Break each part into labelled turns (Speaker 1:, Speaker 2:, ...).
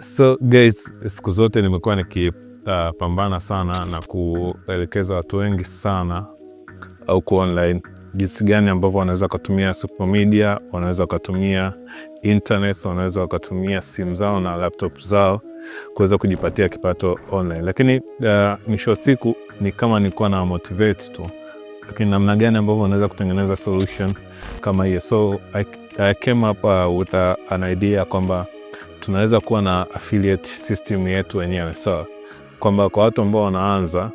Speaker 1: So guys, siku zote nimekuwa nikipambana uh, sana na kuelekeza watu wengi sana huku online jinsi gani ambavyo wanaweza wakatumia social media, wanaweza wakatumia internet, wanaweza wakatumia simu zao na laptop zao kuweza kujipatia kipato online. Lakini uh, mwisho uh, wa siku ni kama nilikuwa na motivate tu, lakini namna gani ambavyo wanaweza kutengeneza solution kama hiyo. So I, I came up uh, with a, uh, an idea kwamba tunaweza kuwa na affiliate system yetu wenyewe, so kwamba kwa watu ambao wanaanza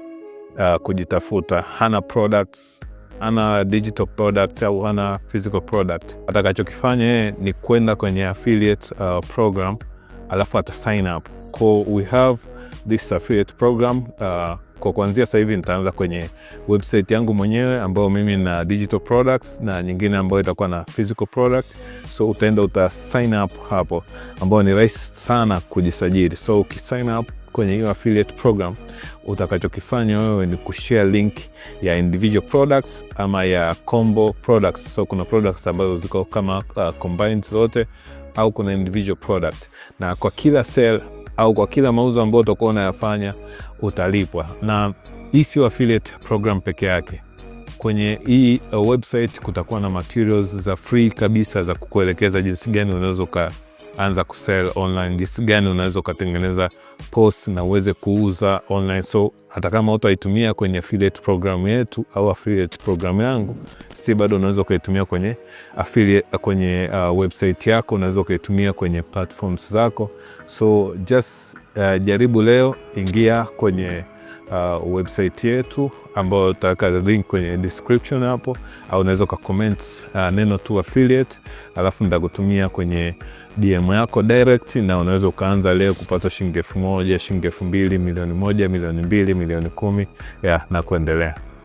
Speaker 1: uh, kujitafuta, hana products, hana digital products au hana physical product, atakachokifanya yeye ni kwenda kwenye affiliate uh, program alafu ata sign up. So we have this affiliate program uh, kwa kuanzia sasa hivi nitaanza kwenye website yangu mwenyewe ambayo mimi na digital products na nyingine ambayo itakuwa na physical product. So utaenda uta sign up hapo, ambayo ni rahisi sana kujisajili. So ukisign up kwenye hiyo affiliate program, utakachokifanya wewe ni kushare link ya individual products ama ya combo products. So kuna products ambazo ziko kama uh, combined zote au kuna individual product, na kwa kila sale au kwa kila mauzo ambayo utakuwa unayafanya utalipwa, na hii sio affiliate program peke yake kwenye hii uh, website kutakuwa na materials za free kabisa za kukuelekeza jinsi gani unaweza ukaanza kusell online, jinsi gani unaweza ukatengeneza post na uweze kuuza online. So hata kama utaitumia kwenye affiliate program yetu au affiliate program yangu, si bado unaweza ukaitumia kwenye affiliate, uh, kwenye uh, website yako, unaweza ukaitumia kwenye platforms zako. So just uh, jaribu leo, ingia kwenye uh, website yetu ambayo utaweka link kwenye description hapo, au unaweza ukacomment uh, neno tu affiliate, alafu nitakutumia kwenye DM yako direct, na unaweza ukaanza leo kupata shilingi elfu moja shilingi elfu mbili milioni moja milioni mbili milioni kumi yeah, na kuendelea.